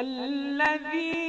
الذي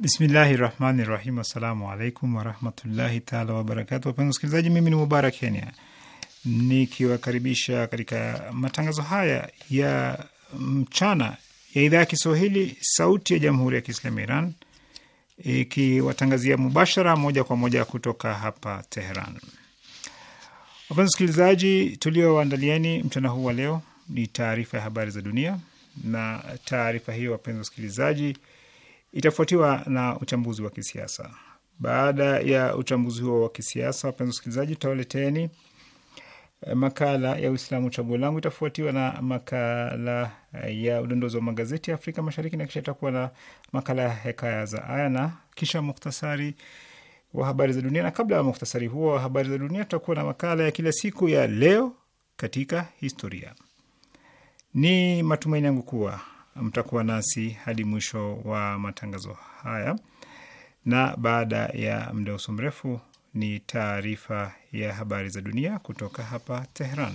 Bismillahi rahmani rahim. Assalamu alaikum warahmatullahi taala wabarakatu. Wapenzi wasikilizaji, mimi ni Mubarak Kenya nikiwakaribisha katika matangazo haya ya mchana ya idhaa ya Kiswahili sauti ya jamhuri ya Kiislamu Iran ikiwatangazia mubashara moja kwa moja kutoka hapa Teheran. Wapenzi wasikilizaji, tuliowaandalieni mchana huu wa leo ni taarifa ya habari za dunia, na taarifa hiyo wapenzi wasikilizaji itafuatiwa na uchambuzi wa kisiasa. Baada ya uchambuzi huo wa kisiasa, wapenzi wasikilizaji, tutawaleteni eh, makala ya Uislamu chaguo langu, itafuatiwa na makala eh, ya udondozi wa magazeti ya Afrika Mashariki, na kisha itakuwa na makala ya hekaya za aya na kisha muktasari wa habari za dunia. Na kabla ya muktasari huo wa habari za dunia, tutakuwa na makala ya kila siku ya leo katika historia. Ni matumaini yangu kuwa mtakuwa nasi hadi mwisho wa matangazo haya, na baada ya muda usio mrefu ni taarifa ya habari za dunia kutoka hapa Tehran.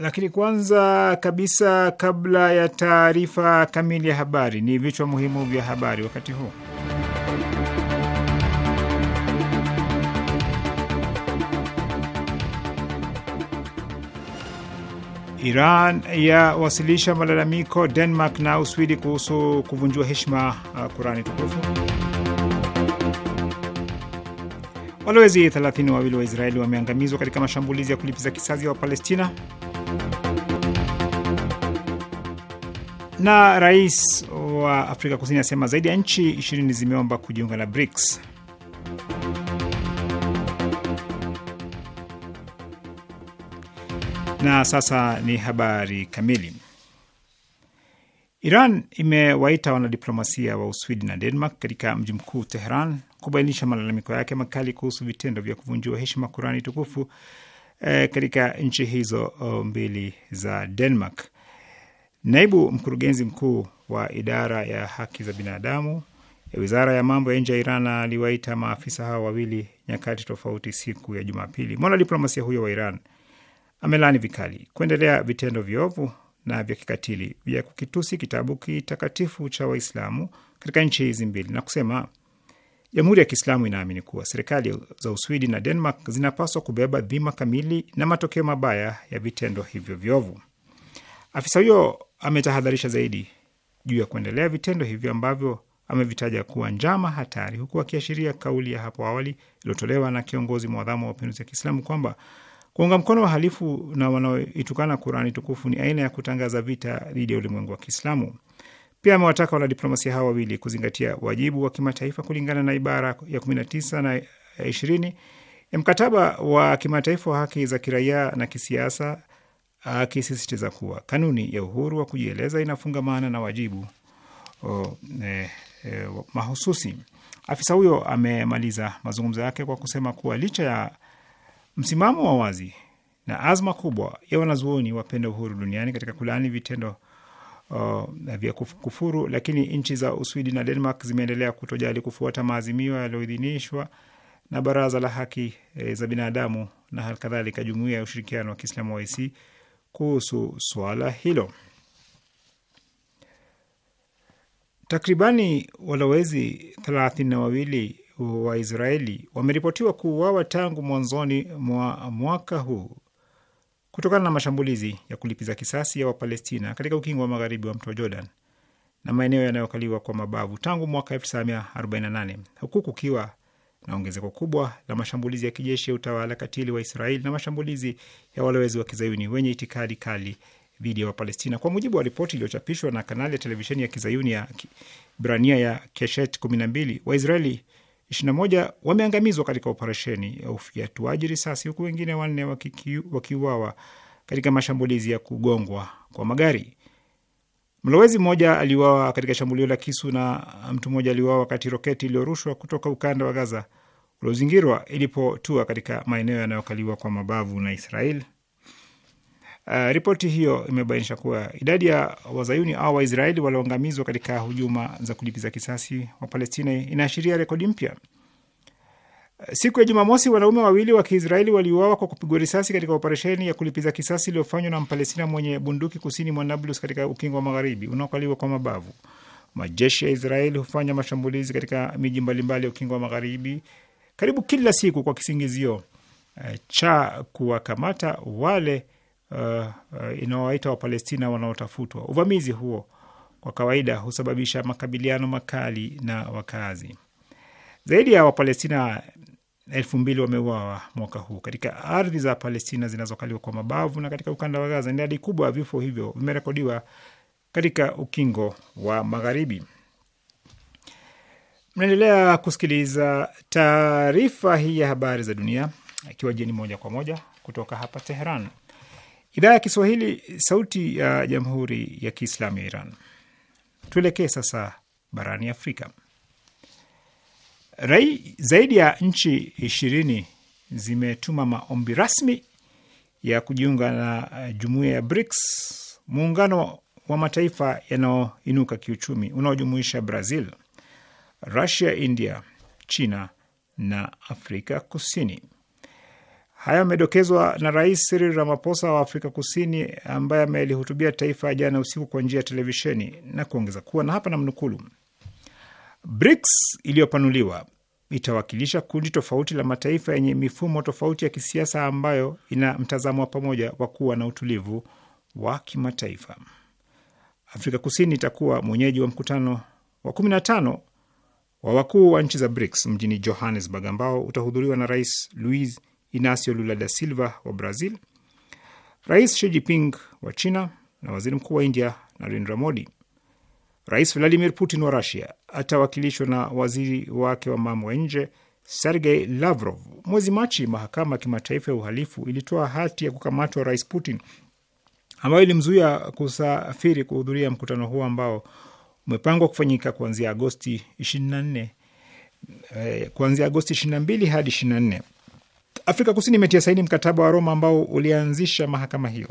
Lakini kwanza kabisa, kabla ya taarifa kamili ya habari, ni vichwa muhimu vya habari wakati huu. Iran yawasilisha malalamiko Denmark na Uswidi kuhusu kuvunjiwa heshima Kurani uh, tukufu. Walowezi 32 wawili wa Israeli wameangamizwa katika mashambulizi ya kulipiza kisasi ya Wapalestina. Na rais wa Afrika Kusini asema zaidi ya nchi ishirini zimeomba kujiunga na BRICS. Na sasa ni habari kamili. Iran imewaita wanadiplomasia wa Uswidi na Denmark katika mji mkuu Teheran kubainisha malalamiko yake makali kuhusu vitendo vya kuvunjiwa heshima Kurani tukufu eh, katika nchi hizo oh, mbili za Denmark. Naibu mkurugenzi mkuu wa idara ya haki za binadamu ya eh, wizara ya mambo ya nje ya Iran aliwaita maafisa hao wawili nyakati tofauti siku ya Jumapili. Mwanadiplomasia huyo wa Iran amelani vikali kuendelea vitendo viovu na vya kikatili vya kukitusi kitabu kitakatifu cha Waislamu katika nchi hizi mbili na kusema Jamhuri ya Kiislamu inaamini kuwa serikali za Uswidi na Denmark zinapaswa kubeba dhima kamili na matokeo mabaya ya vitendo hivyo viovu. Afisa huyo ametahadharisha zaidi juu ya kuendelea vitendo hivyo ambavyo amevitaja kuwa njama hatari, huku akiashiria kauli ya hapo awali iliyotolewa na kiongozi mwadhamu wa mapinduzi ya Kiislamu kwamba kuunga mkono wahalifu na wanaoitukana Kurani tukufu ni aina ya kutangaza vita dhidi ya ulimwengu wa Kiislamu. Pia amewataka wanadiplomasia hao wawili kuzingatia wajibu wa kimataifa kulingana na ibara ya 19 na 20 ya mkataba wa kimataifa wa haki za kiraia na kisiasa akisisitiza kuwa kanuni ya uhuru wa kujieleza inafungamana na wajibu o, e, e, mahususi. Afisa huyo amemaliza mazungumzo yake kwa kusema kuwa licha ya msimamo wa wazi na azma kubwa ya wanazuoni wapenda uhuru duniani katika kulaani vitendo uh, vya kufuru, lakini nchi za Uswidi na Denmark zimeendelea kutojali kufuata maazimio yaliyoidhinishwa na Baraza la Haki e, za Binadamu na halikadhalika Jumuiya ya Ushirikiano wa Kiislamu OIC kuhusu swala hilo. Takribani walowezi thelathini na wawili wa Israeli wameripotiwa kuuawa tangu mwanzoni mwa mwaka huu kutokana na mashambulizi ya kulipiza kisasi ya Wapalestina katika ukingo wa magharibi wa mto Jordan na maeneo yanayokaliwa kwa mabavu tangu mwaka 1948 huku kukiwa na ongezeko kubwa la mashambulizi ya kijeshi ya utawala katili wa Israeli na mashambulizi ya walowezi wa kizayuni wenye itikadi kali dhidi ya Wapalestina. Kwa mujibu wa ripoti iliyochapishwa na kanali ya televisheni ya kizayuni ya Brania ya Keshet 12 Waisraeli 21 wameangamizwa katika operesheni ya ufiatuaji risasi huku wengine wanne wakiuawa katika mashambulizi ya kugongwa kwa magari. Mlowezi mmoja aliuawa katika shambulio la kisu na mtu mmoja aliuawa wakati roketi iliyorushwa kutoka ukanda wa Gaza uliozingirwa ilipotua katika maeneo yanayokaliwa kwa mabavu na Israel. Uh, ripoti hiyo imebainisha kuwa idadi ya wazayuni au Waisraeli walioangamizwa katika hujuma za kulipiza kisasi wa Palestina inaashiria rekodi mpya. Siku ya Jumamosi, wanaume wawili wa Kiisraeli waliuawa kwa kupigwa risasi katika operesheni ya kulipiza kisasi iliyofanywa na Mpalestina mwenye bunduki kusini mwa Nablus katika ukingo wa magharibi unaokaliwa kwa mabavu. Majeshi ya Israeli hufanya mashambulizi katika miji mbalimbali ya ukingo wa magharibi karibu kila siku kwa kisingizio eh, cha kuwakamata wale uh, uh, inaowaita Wapalestina wanaotafutwa. Uvamizi huo kwa kawaida husababisha makabiliano makali na wakazi. Zaidi ya Wapalestina elfu mbili wameuawa mwaka huu katika ardhi za Palestina zinazokaliwa kwa mabavu na katika ukanda wa Gaza. Idadi kubwa ya vifo hivyo vimerekodiwa katika ukingo wa Magharibi. Mnaendelea kusikiliza taarifa hii ya habari za dunia, ikiwa jeni moja kwa moja kutoka hapa Teheran, idhaa ya Kiswahili, sauti ya jamhuri ya kiislamu ya Iran. Tuelekee sasa barani Afrika rai, zaidi ya nchi ishirini zimetuma maombi rasmi ya kujiunga na eh, jumuiya ya BRICS, muungano wa mataifa yanayoinuka kiuchumi unaojumuisha Brazil, Russia, India, China na Afrika Kusini. Haya yamedokezwa na Rais Cyril Ramaphosa wa Afrika Kusini ambaye amelihutubia taifa jana usiku kwa njia ya televisheni na kuongeza kuwa na hapa namnukulu BRICS iliyopanuliwa itawakilisha kundi tofauti la mataifa yenye mifumo tofauti ya kisiasa ambayo ina mtazamo wa pamoja wa kuwa na utulivu wa kimataifa. Afrika Kusini itakuwa mwenyeji wa mkutano wa 15 wa wakuu wa nchi za BRICS mjini Johannesburg, ambao utahudhuriwa na Rais luis Inacio Lula da Silva wa Brazil, Rais Xi Jinping wa China na Waziri Mkuu wa India Narendra Modi. Rais Vladimir Putin wa Rusia atawakilishwa na waziri wake wa mambo ya nje Sergei Lavrov. Mwezi Machi, mahakama ya kimataifa ya uhalifu ilitoa hati ya kukamatwa Rais Putin ambayo ilimzuia kusafiri kuhudhuria mkutano huo ambao umepangwa kufanyika kuanzia Agosti 24 eh, kuanzia Agosti 22 hadi 24. Afrika Kusini imetia saini mkataba wa Roma ambao ulianzisha mahakama hiyo.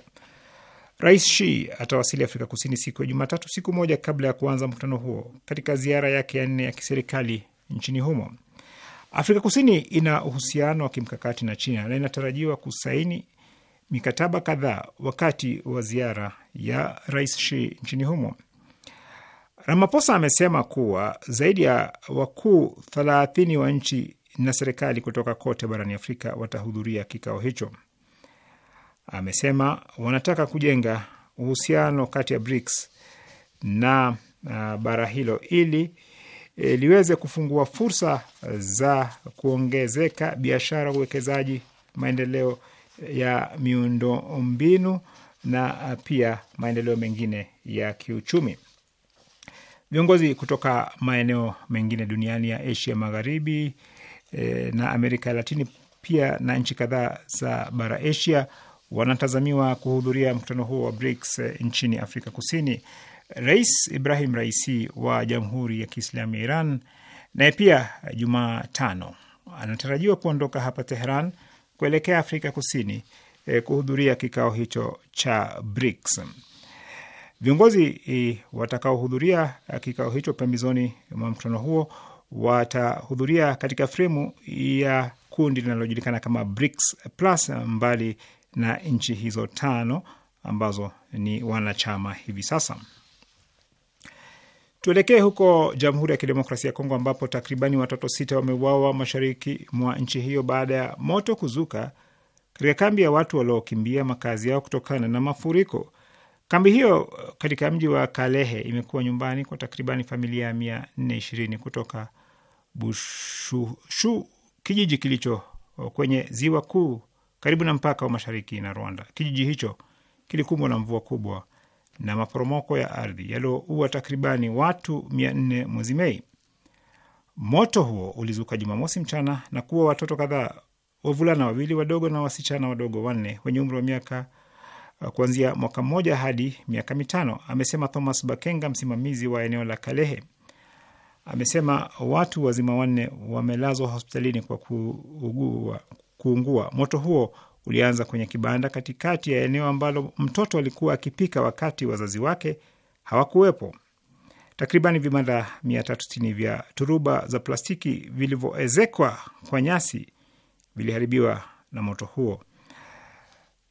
Rais Shi atawasili Afrika Kusini siku ya Jumatatu, siku moja kabla ya kuanza mkutano huo katika ziara yake ya nne ya kiserikali nchini humo. Afrika Kusini ina uhusiano wa kimkakati na China na inatarajiwa kusaini mikataba kadhaa wakati wa ziara ya Rais Shi nchini humo. Ramaphosa amesema kuwa zaidi ya wakuu thelathini wa nchi na serikali kutoka kote barani Afrika watahudhuria kikao hicho amesema wanataka kujenga uhusiano kati ya BRICS na uh, bara hilo ili e, liweze kufungua fursa za kuongezeka biashara, uwekezaji, maendeleo eh, ya miundo mbinu na uh, pia maendeleo mengine ya kiuchumi. Viongozi kutoka maeneo mengine duniani ya Asia Magharibi e, na Amerika ya Latini pia na nchi kadhaa za bara Asia wanatazamiwa kuhudhuria mkutano huo wa BRICS eh, nchini Afrika Kusini. Rais Ibrahim Raisi wa Jamhuri ya Kiislamu ya Iran naye pia Jumatano anatarajiwa kuondoka hapa Teheran kuelekea Afrika Kusini eh, kuhudhuria kikao hicho cha BRICS. Viongozi eh, watakaohudhuria eh, kikao hicho pembezoni mwa mkutano huo watahudhuria katika fremu ya kundi linalojulikana kama BRICS Plus, mbali na nchi hizo tano ambazo ni wanachama hivi sasa. Tuelekee huko Jamhuri ya Kidemokrasia ya Kongo ambapo takribani watoto sita wameuawa mashariki mwa nchi hiyo baada ya moto kuzuka katika kambi ya watu waliokimbia makazi yao kutokana na mafuriko. Kambi hiyo eh, katika mji wa Kalehe imekuwa nyumbani kwa takribani familia mia nne ishirini kutoka Bushushu, kijiji kilicho eh, kwenye ziwa kuu karibu na mpaka wa mashariki na Rwanda. Kijiji hicho kilikumbwa na mvua kubwa na maporomoko ya ardhi yaliyoua takribani watu mia nne mwezi Mei. Moto huo ulizuka Jumamosi mchana na kuwa watoto kadhaa, wavulana wawili wadogo na wasichana wadogo wanne wenye umri wa miaka uh, kuanzia mwaka mmoja hadi miaka mitano, amesema Thomas Bakenga, msimamizi wa eneo la Kalehe. Amesema watu wazima wanne wamelazwa hospitalini kwa kuugua kuungua. Moto huo ulianza kwenye kibanda katikati ya eneo ambalo mtoto alikuwa akipika wakati wazazi wake hawakuwepo. Takriban vibanda 360 vya turuba za plastiki vilivyoezekwa kwa nyasi viliharibiwa na moto huo.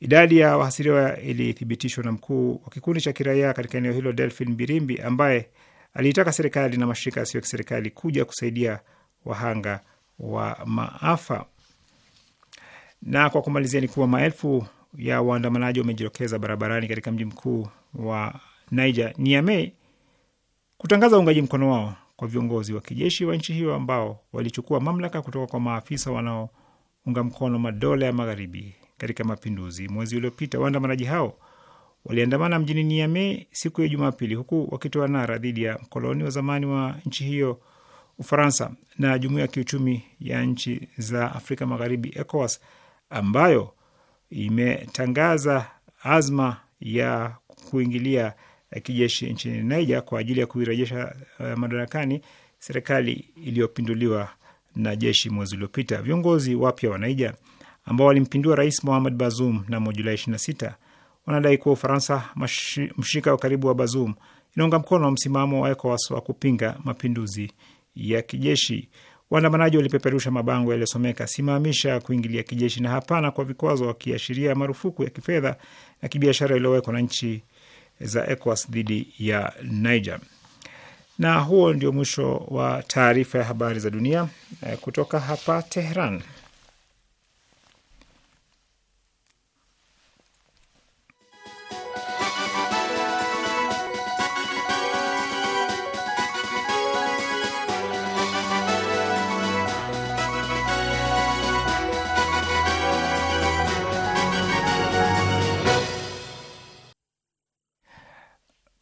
Idadi ya wahasiriwa ilithibitishwa na mkuu wa kikundi cha kiraia katika eneo hilo, Delphin Birimbi, ambaye aliitaka serikali na mashirika yasiyo ya kiserikali kuja kusaidia wahanga wa maafa. Na kwa kumalizia ni kuwa maelfu ya waandamanaji wamejitokeza barabarani katika mji mkuu wa Niger, Niamey, kutangaza uungaji mkono wao kwa viongozi wa kijeshi wa nchi hiyo ambao walichukua mamlaka kutoka kwa maafisa wanaounga mkono madola ya magharibi katika mapinduzi mwezi uliopita. Waandamanaji hao waliandamana mjini Niamey siku ya Jumapili, huku wakitoa nara dhidi ya mkoloni wa zamani wa nchi hiyo Ufaransa na jumuiya ya kiuchumi ya nchi za Afrika Magharibi, ECOWAS, ambayo imetangaza azma ya kuingilia kijeshi nchini naija kwa ajili ya kuirejesha eh, madarakani serikali iliyopinduliwa na jeshi mwezi uliopita. Viongozi wapya wa naija ambao walimpindua Rais Mohamed Bazoum mnamo Julai 26 wanadai kuwa Ufaransa, mshirika wa karibu wa Bazoum, inaunga mkono msimamo wa ECOWAS wa kupinga mapinduzi ya kijeshi. Waandamanaji walipeperusha mabango yaliyosomeka simamisha kuingilia kijeshi na hapana kwa vikwazo, wakiashiria marufuku ya kifedha na kibiashara iliyowekwa na nchi za ECOWAS dhidi ya Niger. Na huo ndio mwisho wa taarifa ya habari za dunia eh, kutoka hapa Tehran.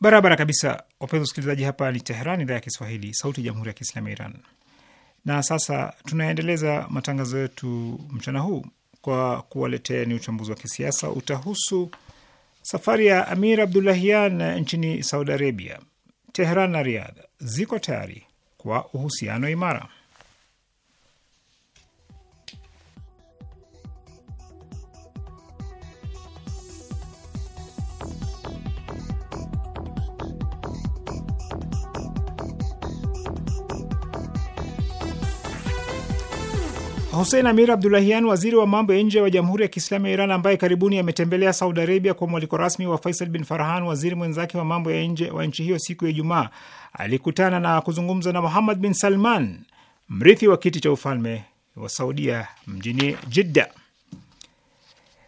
Barabara kabisa, wapenzi wasikilizaji, hapa ni Teheran, idhaa ya Kiswahili, sauti ya jamhuri ya kiislamu ya Iran. Na sasa tunaendeleza matangazo yetu mchana huu kwa kuwaletea ni uchambuzi wa kisiasa utahusu safari ya Amir Abdullahian nchini Saudi Arabia. Teheran na Riadha ziko tayari kwa uhusiano imara. Hussein Amir Abdulahian, waziri wa mambo ya nje wa Jamhuri ya Kiislamu ya Iran, ambaye karibuni ametembelea Saudi Arabia kwa mwaliko rasmi wa Faisal bin Farhan, waziri mwenzake wa mambo ya nje wa nchi hiyo, siku ya Ijumaa alikutana na kuzungumza na Muhammad bin Salman, mrithi wa kiti cha ufalme wa Saudia mjini Jidda.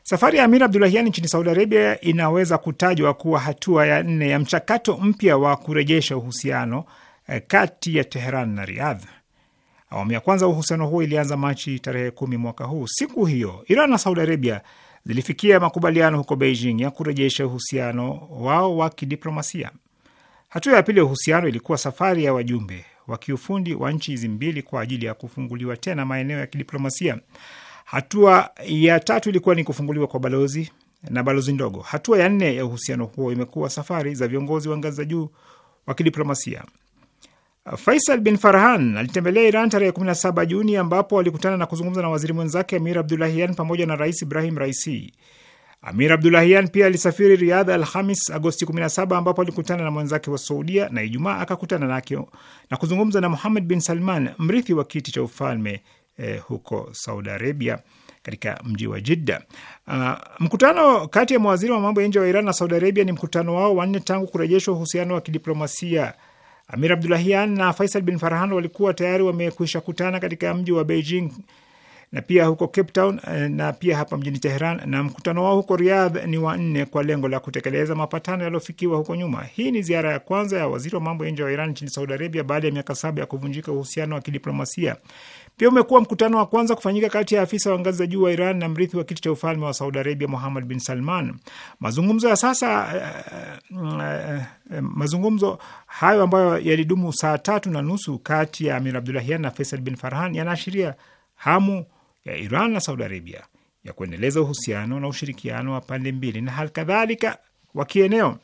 Safari ya Amir Abdulahian nchini Saudi Arabia inaweza kutajwa kuwa hatua ya nne ya mchakato mpya wa kurejesha uhusiano eh, kati ya Teheran na Riadha. Awamu ya kwanza uhusiano huo ilianza Machi tarehe kumi mwaka huu. Siku hiyo Iran na Saudi Arabia zilifikia makubaliano huko Beijing ya kurejesha uhusiano wao wa kidiplomasia. Hatua ya pili ya uhusiano ilikuwa safari ya wajumbe wa kiufundi wa nchi hizi mbili kwa ajili ya kufunguliwa tena maeneo ya kidiplomasia. Hatua ya tatu ilikuwa ni kufunguliwa kwa balozi na balozi ndogo. Hatua ya nne ya uhusiano huo imekuwa safari za viongozi wa ngazi za juu wa kidiplomasia. Faisal bin Farhan alitembelea Iran tarehe 17 Juni, ambapo alikutana na kuzungumza na waziri mwenzake Amir Abdulahian pamoja na rais Ibrahim Raisi. Amir Abdulahian pia alisafiri Riadha Alhamis Agosti 17, ambapo alikutana na mwenzake wa Saudia na Ijumaa akakutana nake na kuzungumza na Muhammad bin Salman, mrithi wa kiti cha ufalme eh, huko Saudi Arabia katika mji wa Jidda. Uh, mkutano kati ya mawaziri wa mambo ya nje wa Iran na Saudi Arabia ni mkutano wao wanne tangu kurejeshwa uhusiano wa kidiplomasia Amir Abdulahian na Faisal bin Farhan walikuwa tayari wamekwisha kutana katika mji wa Beijing na pia huko Cape Town eh, na pia hapa mjini Teheran, na mkutano wao huko Riyadh ni wa nne kwa lengo la kutekeleza mapatano yaliyofikiwa huko nyuma. Hii ni ziara ya kwanza ya waziri wa mambo ya nje wa Iran nchini Saudi Arabia baada ya miaka saba ya kuvunjika uhusiano wa kidiplomasia. Pia umekuwa mkutano wa kwanza kufanyika kati ya afisa wa ngazi za juu wa Iran na mrithi wa kiti cha ufalme wa Saudi Arabia, Muhammad bin Salman. Mazungumzo ya sasa uh, uh, uh, mazungumzo hayo ambayo yalidumu saa tatu na nusu kati ya Amir Abdulahian na Faisal bin Farhan yanaashiria hamu ya Iran na Saudi Arabia ya kuendeleza uhusiano na ushirikiano wa pande mbili na hali kadhalika wa kieneo.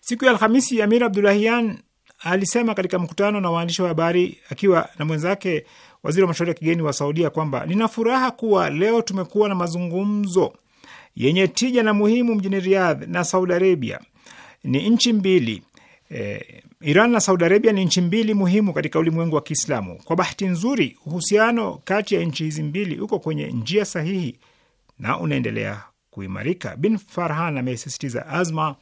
Siku ya Alhamisi, Amir Abdulahian alisema katika mkutano na waandishi wa habari akiwa na mwenzake waziri wa mashauri ya kigeni wa Saudia kwamba nina furaha kuwa leo tumekuwa na mazungumzo yenye tija na muhimu mjini Riyadh na Saudi Arabia. Ni nchi mbili eh, Iran na Saudi Arabia ni nchi mbili muhimu katika ulimwengu wa Kiislamu. Kwa bahati nzuri, uhusiano kati ya nchi hizi mbili uko kwenye njia sahihi na unaendelea kuimarika. Bin Farhan amesisitiza azma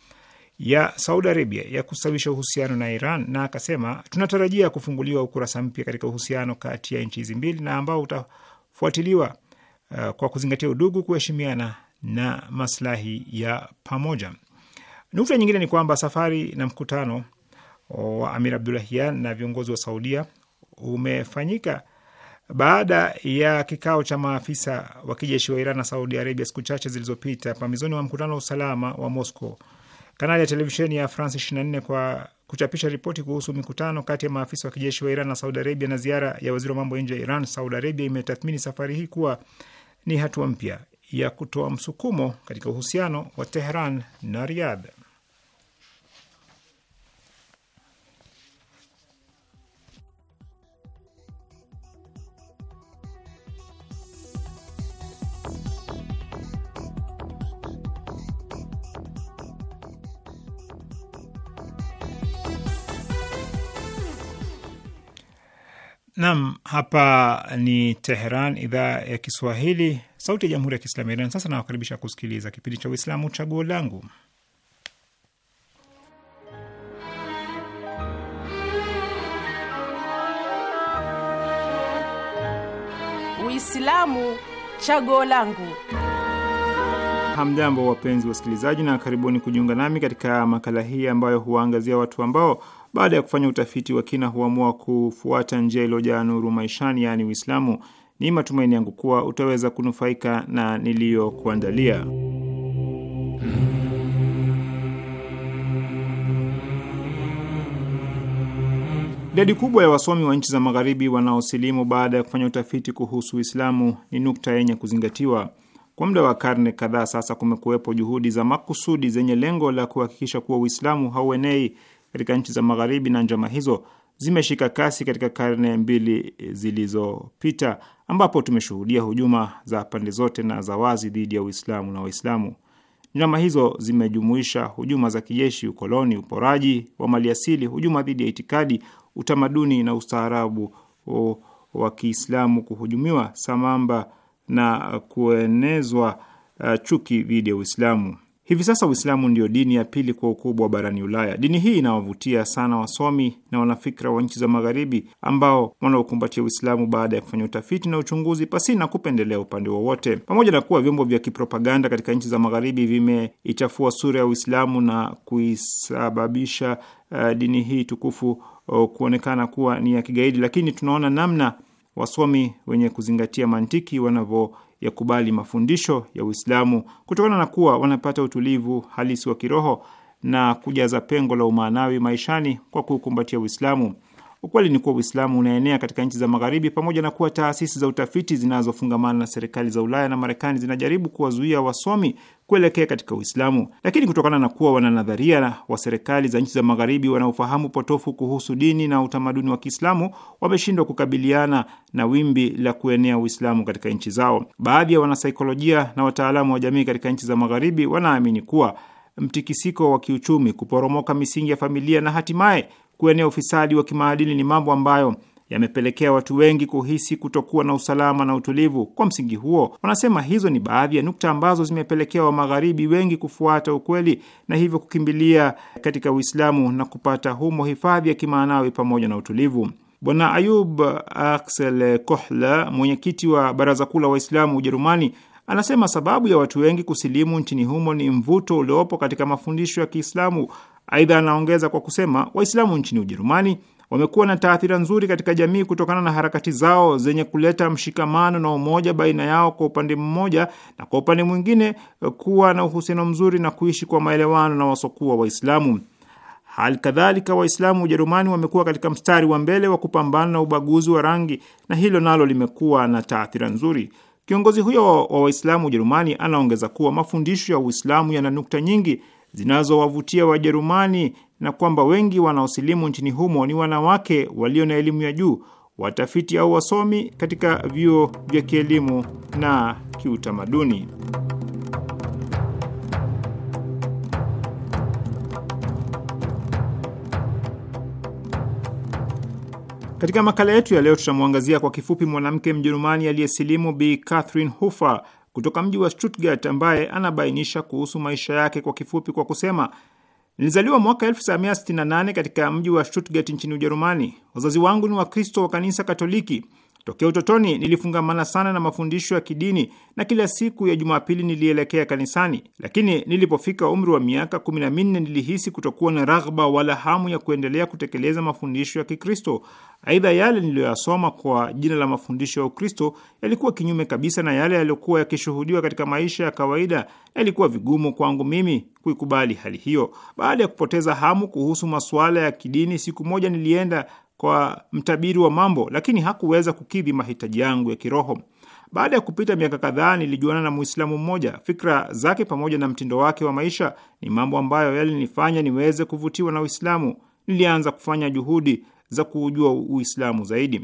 ya Saudi Arabia ya kustawisha uhusiano na Iran, na akasema tunatarajia kufunguliwa ukurasa mpya katika uhusiano kati ya nchi hizi mbili na ambao utafuatiliwa uh, kwa kuzingatia udugu, kuheshimiana na maslahi ya pamoja. Nukta nyingine ni kwamba safari na mkutano wa Amir Abdulahian na viongozi wa Saudia umefanyika baada ya kikao cha maafisa wa kijeshi wa Iran na Saudi Arabia siku chache zilizopita pamizoni mwa mkutano wa usalama wa Moscow Kanali ya televisheni ya France 24 kwa kuchapisha ripoti kuhusu mikutano kati ya maafisa wa kijeshi wa Iran na Saudi Arabia na ziara ya waziri wa mambo ya nje ya Iran Saudi Arabia imetathmini safari hii kuwa ni hatua mpya ya kutoa msukumo katika uhusiano wa Tehran na Riyadh. Nam, hapa ni Teheran, idhaa ya Kiswahili, sauti ya jamhuri ya kiislamu ya Iran. Sasa nawakaribisha kusikiliza kipindi cha Uislamu Chaguo Langu. Uislamu Chaguo Langu. Hamjambo wapenzi wasikilizaji, na karibuni kujiunga nami katika makala hii ambayo huwaangazia watu ambao baada ya kufanya utafiti wa kina huamua kufuata njia iliyojaa nuru maishani, yaani Uislamu. Ni matumaini yangu kuwa utaweza kunufaika na niliyokuandalia. Idadi kubwa ya wasomi wa nchi za magharibi wanaosilimu baada ya kufanya utafiti kuhusu Uislamu ni nukta yenye kuzingatiwa. Kwa muda wa karne kadhaa sasa, kumekuwepo juhudi za makusudi zenye lengo la kuhakikisha kuwa Uislamu hauenei katika nchi za magharibi na njama hizo zimeshika kasi katika karne mbili zilizopita, ambapo tumeshuhudia hujuma za pande zote na za wazi dhidi ya Uislamu na Waislamu. Njama hizo zimejumuisha hujuma za kijeshi, ukoloni, uporaji wa maliasili, hujuma dhidi ya itikadi, utamaduni na ustaarabu wa Kiislamu kuhujumiwa, sambamba na kuenezwa uh, chuki dhidi ya Uislamu. Hivi sasa Uislamu ndio dini ya pili kwa ukubwa barani Ulaya. Dini hii inawavutia sana wasomi na wanafikra wa nchi za Magharibi ambao wanaokumbatia Uislamu baada ya kufanya utafiti na uchunguzi pasi na kupendelea upande wowote. Pamoja na kuwa vyombo vya kipropaganda katika nchi za Magharibi vimeichafua sura ya Uislamu na kuisababisha uh, dini hii tukufu uh, kuonekana kuwa ni ya kigaidi, lakini tunaona namna wasomi wenye kuzingatia mantiki wanavyo ya kubali mafundisho ya Uislamu kutokana na kuwa wanapata utulivu halisi wa kiroho na kujaza pengo la umaanawi maishani kwa kuukumbatia Uislamu. Ukweli ni kuwa Uislamu unaenea katika nchi za Magharibi, pamoja na kuwa taasisi za utafiti zinazofungamana na serikali za Ulaya na Marekani zinajaribu kuwazuia wasomi kuelekea katika Uislamu, lakini kutokana na kuwa wananadharia wa serikali za nchi za Magharibi wanaofahamu potofu kuhusu dini na utamaduni wa Kiislamu wameshindwa kukabiliana na wimbi la kuenea Uislamu katika nchi zao. Baadhi ya wanasaikolojia na wataalamu wa jamii katika nchi za Magharibi wanaamini kuwa mtikisiko wa kiuchumi, kuporomoka misingi ya familia na hatimaye kuenea ufisadi wa kimaadili ni mambo ambayo yamepelekea watu wengi kuhisi kutokuwa na usalama na utulivu. Kwa msingi huo, wanasema hizo ni baadhi ya nukta ambazo zimepelekea wa magharibi wengi kufuata ukweli na hivyo kukimbilia katika Uislamu na kupata humo hifadhi ya kimaanawi pamoja na utulivu. Bwana Ayub Axel Kohler, mwenyekiti wa Baraza Kuu la Waislamu Ujerumani, anasema sababu ya watu wengi kusilimu nchini humo ni mvuto uliopo katika mafundisho ya Kiislamu Aidha, anaongeza kwa kusema Waislamu nchini Ujerumani wamekuwa na taathira nzuri katika jamii kutokana na harakati zao zenye kuleta mshikamano na umoja baina yao kwa upande mmoja, na kwa upande mwingine eh, kuwa na uhusiano mzuri na kuishi kwa maelewano na wasokuwa Waislamu. Hali kadhalika Waislamu Ujerumani wamekuwa katika mstari wa mbele wa kupambana na ubaguzi wa rangi, na hilo nalo limekuwa na taathira nzuri. Kiongozi huyo wa Waislamu Ujerumani anaongeza kuwa mafundisho ya Uislamu yana nukta nyingi zinazowavutia Wajerumani na kwamba wengi wanaosilimu nchini humo ni wanawake walio na elimu ya juu, watafiti au wasomi katika vyuo vya kielimu na kiutamaduni. Katika makala yetu ya leo tutamwangazia kwa kifupi mwanamke Mjerumani aliyesilimu Bi Catherine Hoofer kutoka mji wa Stuttgart ambaye anabainisha kuhusu maisha yake kwa kifupi kwa kusema Nilizaliwa mwaka 1968 katika mji wa Stuttgart nchini Ujerumani. Wazazi wangu ni Wakristo wa kanisa Katoliki. Tokea utotoni nilifungamana sana na mafundisho ya kidini na kila siku ya Jumapili nilielekea kanisani, lakini nilipofika umri wa miaka kumi na minne nilihisi kutokuwa na raghba wala hamu ya kuendelea kutekeleza mafundisho ya Kikristo. Aidha, yale niliyoyasoma kwa jina la mafundisho ya Ukristo yalikuwa kinyume kabisa na yale yaliyokuwa yakishuhudiwa katika maisha ya kawaida. Yalikuwa vigumu kwangu mimi kuikubali hali hiyo. Baada ya kupoteza hamu kuhusu masuala ya kidini, siku moja nilienda kwa mtabiri wa mambo, lakini hakuweza kukidhi mahitaji yangu ya kiroho. Baada ya kupita miaka kadhaa, nilijuana na Muislamu mmoja. Fikra zake pamoja na mtindo wake wa maisha ni mambo ambayo yalinifanya niweze kuvutiwa na Uislamu. Nilianza kufanya juhudi za kuujua Uislamu zaidi.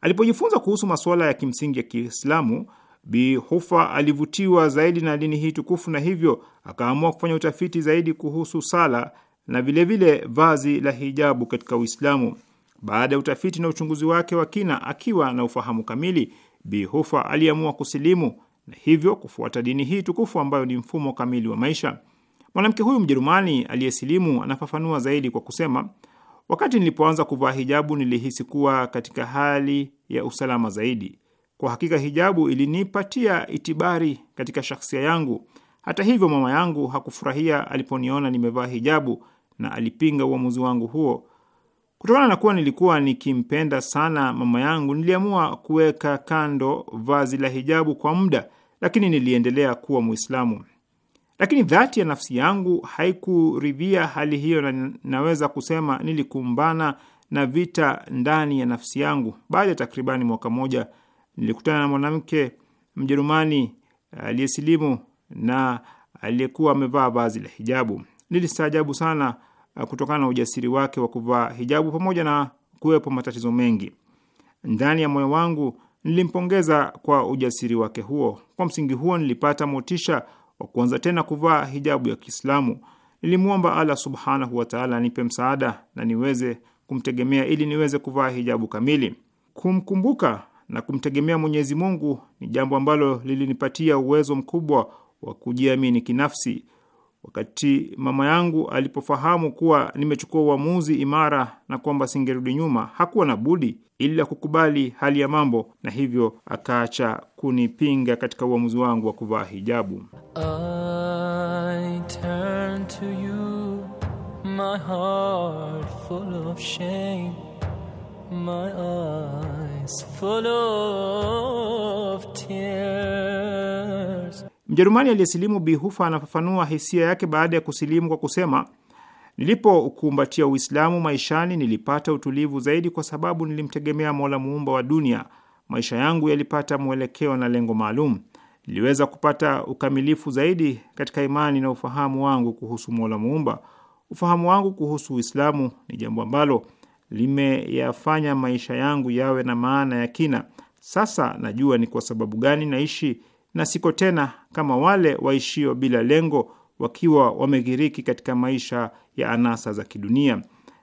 Alipojifunza kuhusu masuala ya kimsingi ya Kiislamu, Bi Hufa alivutiwa zaidi na dini hii tukufu, na hivyo akaamua kufanya utafiti zaidi kuhusu sala na vilevile vile vazi la hijabu katika Uislamu. Baada ya utafiti na uchunguzi wake wa kina, akiwa na ufahamu kamili, Bi Hufa aliamua kusilimu na hivyo kufuata dini hii tukufu ambayo ni mfumo kamili wa maisha. Mwanamke huyu Mjerumani aliyesilimu anafafanua zaidi kwa kusema, wakati nilipoanza kuvaa hijabu nilihisi kuwa katika hali ya usalama zaidi. Kwa hakika hijabu ilinipatia itibari katika shakhsia yangu. Hata hivyo, mama yangu hakufurahia aliponiona nimevaa hijabu na alipinga uamuzi wangu huo. Kutokana na kuwa nilikuwa nikimpenda sana mama yangu, niliamua kuweka kando vazi la hijabu kwa muda, lakini niliendelea kuwa Mwislamu. Lakini dhati ya nafsi yangu haikuridhia hali hiyo, na naweza kusema nilikumbana na vita ndani ya nafsi yangu. Baada ya takribani mwaka mmoja, nilikutana na mwanamke Mjerumani aliyesilimu na aliyekuwa amevaa vazi la hijabu. Nilistaajabu sana Eh, kutokana na ujasiri wake wa kuvaa hijabu pamoja na kuwepo matatizo mengi. Ndani ya moyo wangu nilimpongeza kwa ujasiri wake huo. Kwa msingi huo, nilipata motisha wa kuanza tena kuvaa hijabu ya Kiislamu. Nilimwomba Allah subhanahu wataala anipe msaada na niweze kumtegemea ili niweze kuvaa hijabu kamili. Kumkumbuka na kumtegemea Mwenyezi Mungu ni jambo ambalo lilinipatia uwezo mkubwa wa kujiamini kinafsi. Wakati mama yangu alipofahamu kuwa nimechukua uamuzi imara na kwamba singerudi nyuma, hakuwa na budi ili la kukubali hali ya mambo, na hivyo akaacha kunipinga katika uamuzi wangu wa kuvaa hijabu. I turn to you, my heart full of shame, my eyes full of tears. Mjerumani aliyesilimu Bihufa anafafanua hisia yake baada ya kusilimu kwa kusema, nilipokumbatia Uislamu maishani nilipata utulivu zaidi, kwa sababu nilimtegemea Mola muumba wa dunia. Maisha yangu yalipata mwelekeo na lengo maalum. Niliweza kupata ukamilifu zaidi katika imani na ufahamu wangu kuhusu Mola muumba. Ufahamu wangu kuhusu Uislamu ni jambo ambalo limeyafanya maisha yangu yawe na maana ya kina. Sasa najua ni kwa sababu gani naishi na siko tena kama wale waishio bila lengo, wakiwa wamegiriki katika maisha ya anasa za kidunia.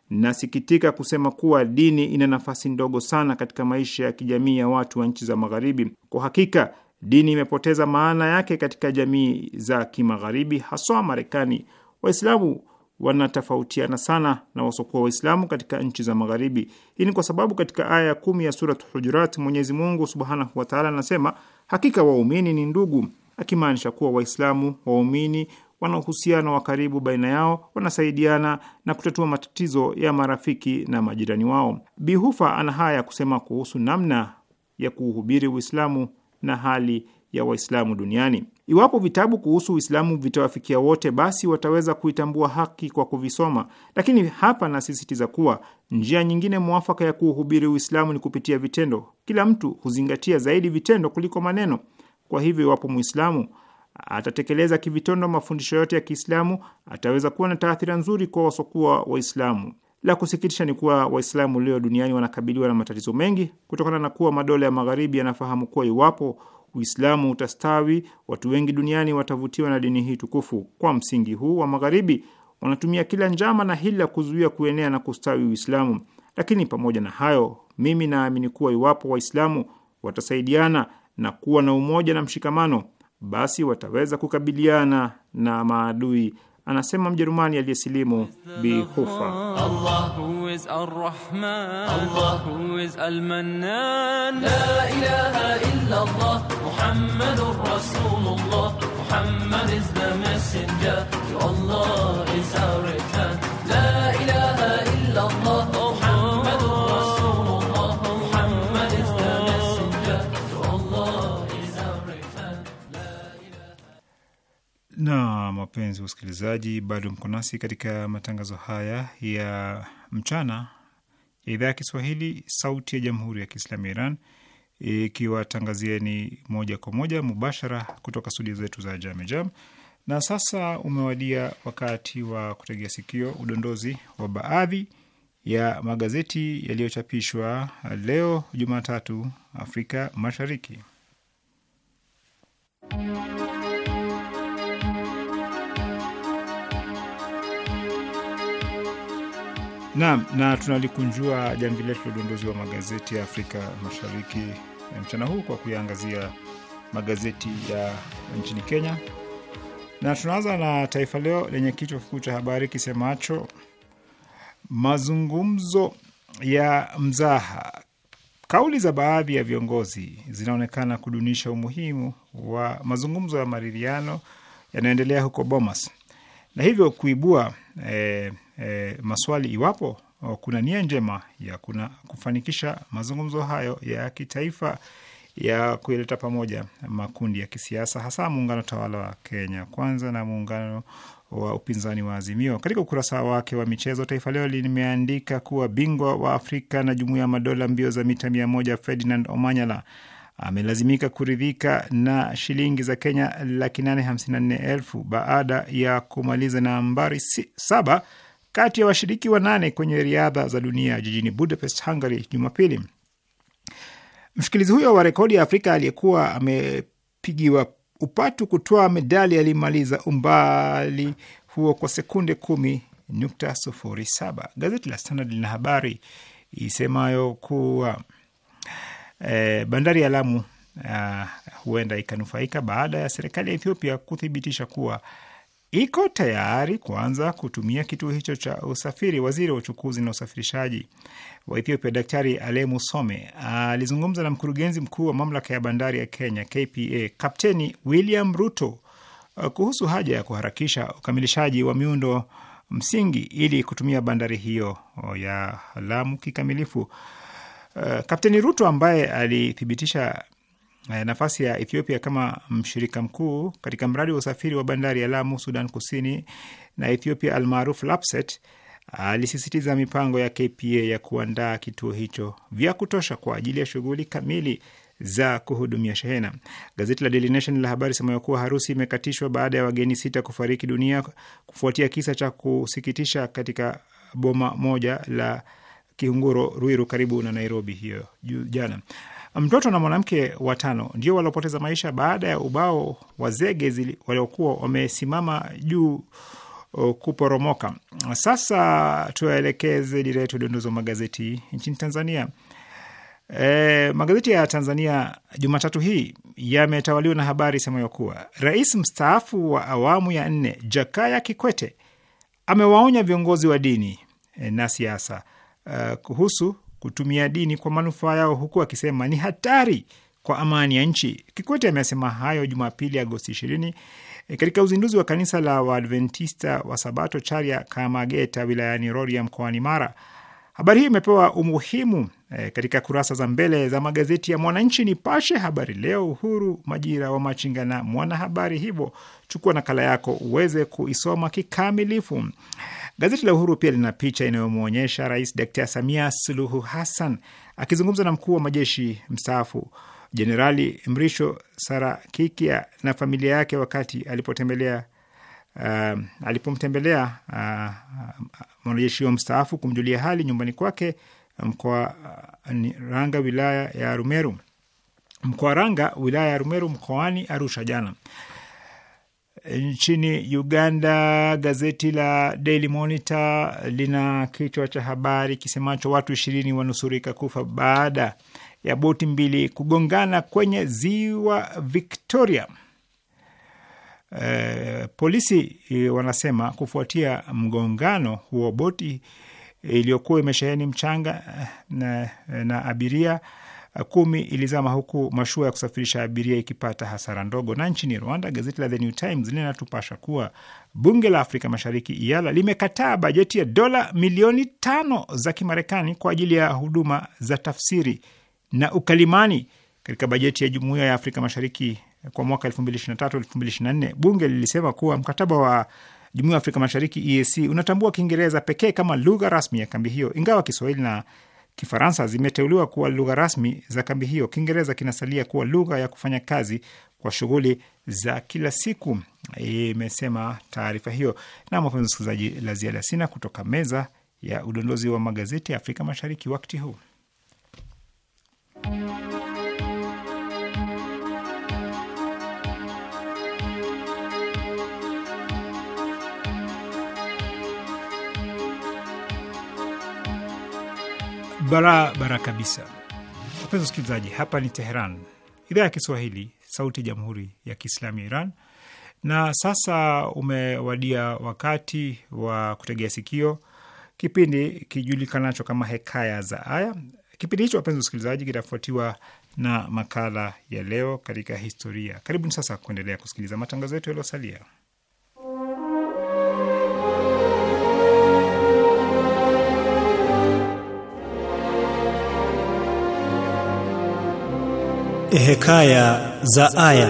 Nasikitika kusema kuwa dini ina nafasi ndogo sana katika maisha ya kijamii ya watu wa nchi za Magharibi. Kwa hakika, dini imepoteza maana yake katika jamii za Kimagharibi, haswa Marekani. Waislamu wanatofautiana sana na wasokuwa Waislamu katika nchi za Magharibi. Hii ni kwa sababu katika aya ya kumi ya Surat Hujurat Mwenyezi Mungu subhanahu wataala anasema hakika waumini ni ndugu, akimaanisha kuwa Waislamu waumini wana uhusiano wa karibu baina yao, wanasaidiana na kutatua matatizo ya marafiki na majirani wao. Bihufa ana haya ya kusema kuhusu namna ya kuuhubiri Uislamu na hali ya Waislamu duniani. Iwapo vitabu kuhusu Uislamu vitawafikia wote, basi wataweza kuitambua haki kwa kuvisoma. Lakini hapa nasisitiza kuwa njia nyingine mwafaka ya kuhubiri Uislamu ni kupitia vitendo. Kila mtu huzingatia zaidi vitendo kuliko maneno. Kwa hivyo, iwapo Muislamu atatekeleza kivitendo mafundisho yote ya Kiislamu, ataweza kuwa na taathira nzuri kwa wasokuwa Waislamu. La kusikitisha ni kuwa Waislamu leo duniani wanakabiliwa na matatizo mengi kutokana na kuwa madola ya Magharibi yanafahamu kuwa iwapo Uislamu utastawi, watu wengi duniani watavutiwa na dini hii tukufu. Kwa msingi huu wa Magharibi wanatumia kila njama na hila kuzuia kuenea na kustawi Uislamu. Lakini pamoja na hayo, mimi naamini kuwa iwapo Waislamu watasaidiana na kuwa na umoja na mshikamano, basi wataweza kukabiliana na maadui anasema Mjerumani aliyesilimu Bi Hufa. Allah na mapenzi wasikilizaji, bado mko nasi katika matangazo haya ya mchana ya idhaa ya Kiswahili sauti ya jamhuri ya Kiislamu ya Iran ikiwatangazieni moja kwa moja mubashara kutoka studio zetu za Jamejam. Na sasa umewadia wakati wa kutegea sikio udondozi wa baadhi ya magazeti yaliyochapishwa leo Jumatatu Afrika Mashariki. Naam, na tunalikunjua jamvi letu la udondozi wa magazeti ya Afrika Mashariki mchana huu kwa kuyaangazia magazeti ya nchini Kenya, na tunaanza na Taifa Leo lenye kichwa kikuu cha habari kisemacho mazungumzo ya mzaha, kauli za baadhi ya viongozi zinaonekana kudunisha umuhimu wa mazungumzo ya maridhiano yanayoendelea huko Bomas na hivyo kuibua e, e, maswali iwapo oh, kuna nia njema ya kuna kufanikisha mazungumzo hayo ya kitaifa ya kuileta pamoja makundi ya kisiasa hasa muungano tawala wa Kenya Kwanza na muungano wa upinzani wa Azimio. Katika ukurasa wake wa michezo, Taifa Leo limeandika kuwa bingwa wa Afrika na Jumuiya ya Madola mbio za mita mia moja Ferdinand Omanyala amelazimika kuridhika na shilingi za Kenya laki nane hamsini na nne elfu baada ya kumaliza nambari saba kati ya washiriki wanane kwenye riadha za dunia jijini Budapest, Hungary Jumapili. Mshikilizi huyo wa rekodi ya Afrika aliyekuwa amepigiwa upatu kutoa medali alimaliza umbali huo kwa sekunde kumi nukta sufuri saba. Gazeti la Standard lina habari isemayo kuwa Eh, bandari ya Lamu uh, huenda ikanufaika baada ya serikali ya Ethiopia kuthibitisha kuwa iko tayari kuanza kutumia kituo hicho cha usafiri. Waziri wa uchukuzi na usafirishaji wa Ethiopia Daktari Alemu Some alizungumza na mkurugenzi mkuu wa mamlaka ya bandari ya Kenya KPA Kapteni William Ruto ah, kuhusu haja ya kuharakisha ukamilishaji wa miundo msingi ili kutumia bandari hiyo ya Lamu kikamilifu. Eh, Kapteni Ruto ambaye alithibitisha eh, nafasi ya Ethiopia kama mshirika mkuu katika mradi wa usafiri wa bandari ya Lamu, Sudan Kusini na Ethiopia almaarufu Lapset, alisisitiza mipango ya KPA ya kuandaa kituo hicho vya kutosha kwa ajili ya shughuli kamili za kuhudumia shehena. Gazeti la Daily Nation la habari semayo kuwa harusi imekatishwa baada ya wageni sita kufariki dunia kufuatia kisa cha kusikitisha katika boma moja la Kiunguro, Ruiru, karibu na Nairobi hiyo jana. Mtoto na mwanamke watano ndio waliopoteza maisha baada ya ubao wa zege waliokuwa wamesimama juu kuporomoka. Sasa tuwaelekeze dira yetu dondozo magazeti nchini Tanzania. E, magazeti ya Tanzania Jumatatu hii yametawaliwa na habari semayo kuwa rais mstaafu wa awamu ya nne Jakaya Kikwete amewaonya viongozi wa dini na siasa uh, kuhusu kutumia dini kwa manufaa yao, huku akisema ni hatari kwa amani ya nchi. Kikwete amesema hayo Jumapili, Agosti ishirini eh, katika uzinduzi wa kanisa la Waadventista wa Sabato Charia Kamageta wilayani Rorya mkoani Mara. Habari hii imepewa umuhimu e, katika kurasa za mbele za magazeti ya Mwananchi, Nipashe, Habari Leo, Uhuru, Majira wa Machinga na Mwanahabari. Hivyo chukua nakala yako uweze kuisoma kikamilifu. Gazeti la Uhuru pia lina picha inayomwonyesha Rais Dkt Samia Suluhu Hassan akizungumza na mkuu wa majeshi mstaafu Jenerali Mrisho Sarakikia na familia yake wakati alipotembelea uh, alipomtembelea uh, mwanajeshi huyo mstaafu kumjulia hali nyumbani kwake mkoani uh, Ranga wilaya ya Rumeru mkoa Ranga wilaya ya Rumeru mkoani Arusha jana. Nchini Uganda, gazeti la Daily Monitor lina kichwa cha habari kisemacho watu ishirini wanusurika kufa baada ya boti mbili kugongana kwenye ziwa Victoria. E, polisi eh, wanasema kufuatia mgongano huo boti iliyokuwa imesheheni mchanga eh, na, na abiria kumi ilizama huku mashua ya kusafirisha abiria ikipata hasara ndogo. Na nchini Rwanda, gazeti la The New Times linatupasha kuwa bunge la Afrika Mashariki IALA limekataa bajeti ya dola milioni tano za Kimarekani kwa ajili ya huduma za tafsiri na ukalimani katika bajeti ya Jumuiya ya Afrika Mashariki kwa mwaka 2023-2024. Bunge lilisema kuwa mkataba wa Jumuiya ya Afrika Mashariki EAC unatambua Kiingereza pekee kama lugha rasmi ya kambi hiyo, ingawa Kiswahili na Kifaransa zimeteuliwa kuwa lugha rasmi za kambi hiyo. Kiingereza kinasalia kuwa lugha ya kufanya kazi kwa shughuli za kila siku, imesema taarifa hiyo. Na wapenzi wasikilizaji, la ziada sina kutoka meza ya udondozi wa magazeti ya Afrika Mashariki wakati huu. barabara kabisa. Wapenzi wasikilizaji, hapa ni Teheran, idhaa ya Kiswahili, sauti ya jamhuri ya kiislamu ya Iran. Na sasa umewadia wakati wa kutegea sikio kipindi kijulikanacho kama Hekaya za Aya. Kipindi hicho wapenzi wasikilizaji, kitafuatiwa na makala ya Leo katika Historia. Karibuni sasa kuendelea kusikiliza matangazo yetu yaliyosalia. Hekaya za Aya.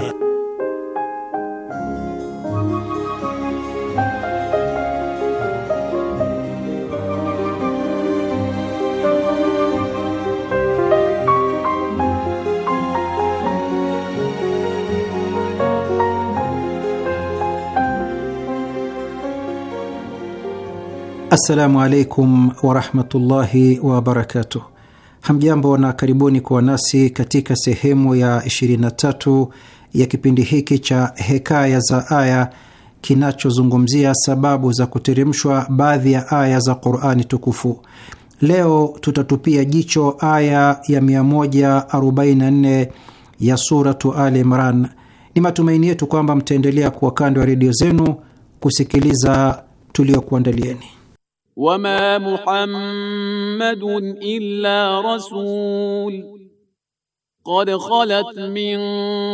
Assalamu alaikum warahmatullahi wabarakatuh. Hamjambo na karibuni kuwa nasi katika sehemu ya 23 ya kipindi hiki cha Hekaya za Aya kinachozungumzia sababu za kuteremshwa baadhi ya aya za Qurani Tukufu. Leo tutatupia jicho aya ya 144 ya Suratu Al Imran. Ni matumaini yetu kwamba mtaendelea kuwa kando ya redio zenu kusikiliza tuliokuandalieni. وما محمد الا رسول قد خلت من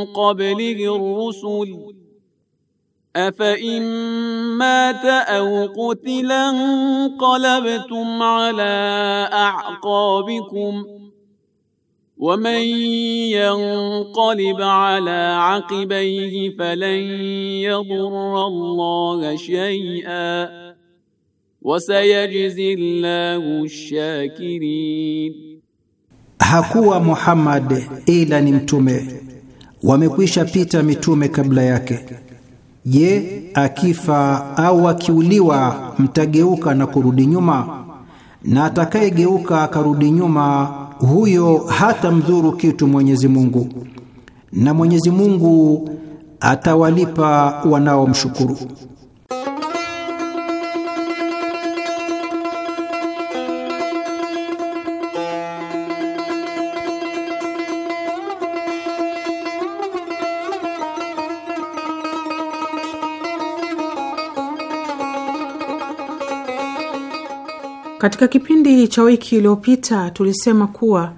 قبله الرسل افان مات او قتلا انقلبتم على اعقابكم ومن ينقلب على عقبيه فلن يضر الله شيئا wasayajzi Allahu shakirin, hakuwa Muhammad ila ni mtume, wamekwisha pita mitume kabla yake. Je, akifa au akiuliwa mtageuka na kurudi nyuma? Na atakayegeuka akarudi nyuma, huyo hata mdhuru kitu Mwenyezi Mungu, na Mwenyezi Mungu atawalipa wanaomshukuru. Katika kipindi cha wiki iliyopita tulisema kuwa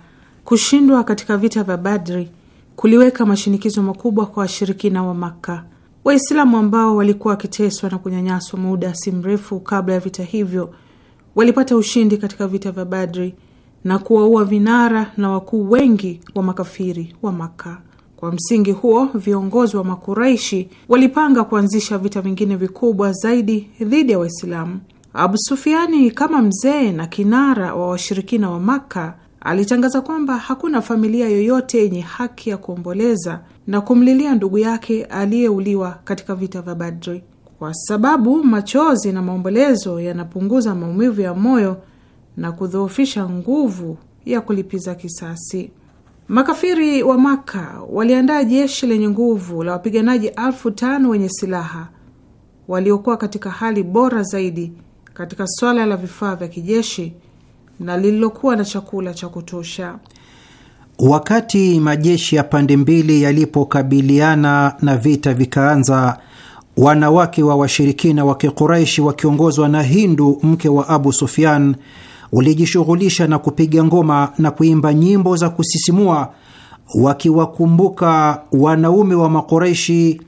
kushindwa katika vita vya Badri kuliweka mashinikizo makubwa kwa washirikina wa Makka. Waislamu ambao walikuwa wakiteswa na kunyanyaswa muda si mrefu kabla ya vita hivyo walipata ushindi katika vita vya Badri na kuwaua vinara na wakuu wengi wa makafiri wa Makka. Kwa msingi huo, viongozi wa Makuraishi walipanga kuanzisha vita vingine vikubwa zaidi dhidi ya Waislamu Abu Sufiani kama mzee na kinara wa washirikina wa Makka alitangaza kwamba hakuna familia yoyote yenye haki ya kuomboleza na kumlilia ndugu yake aliyeuliwa katika vita vya Badri, kwa sababu machozi na maombolezo yanapunguza maumivu ya moyo na kudhoofisha nguvu ya kulipiza kisasi. Makafiri wa makka waliandaa jeshi lenye nguvu la wapiganaji elfu tano wenye silaha waliokuwa katika hali bora zaidi katika swala la vifaa vya kijeshi na lililokuwa na chakula cha kutosha. Wakati majeshi ya pande mbili yalipokabiliana na vita vikaanza, wanawake wa washirikina wa Kikuraishi wakiongozwa na Hindu, mke wa Abu Sufyan, walijishughulisha na kupiga ngoma na kuimba nyimbo za kusisimua, wakiwakumbuka wanaume wa Makuraishi,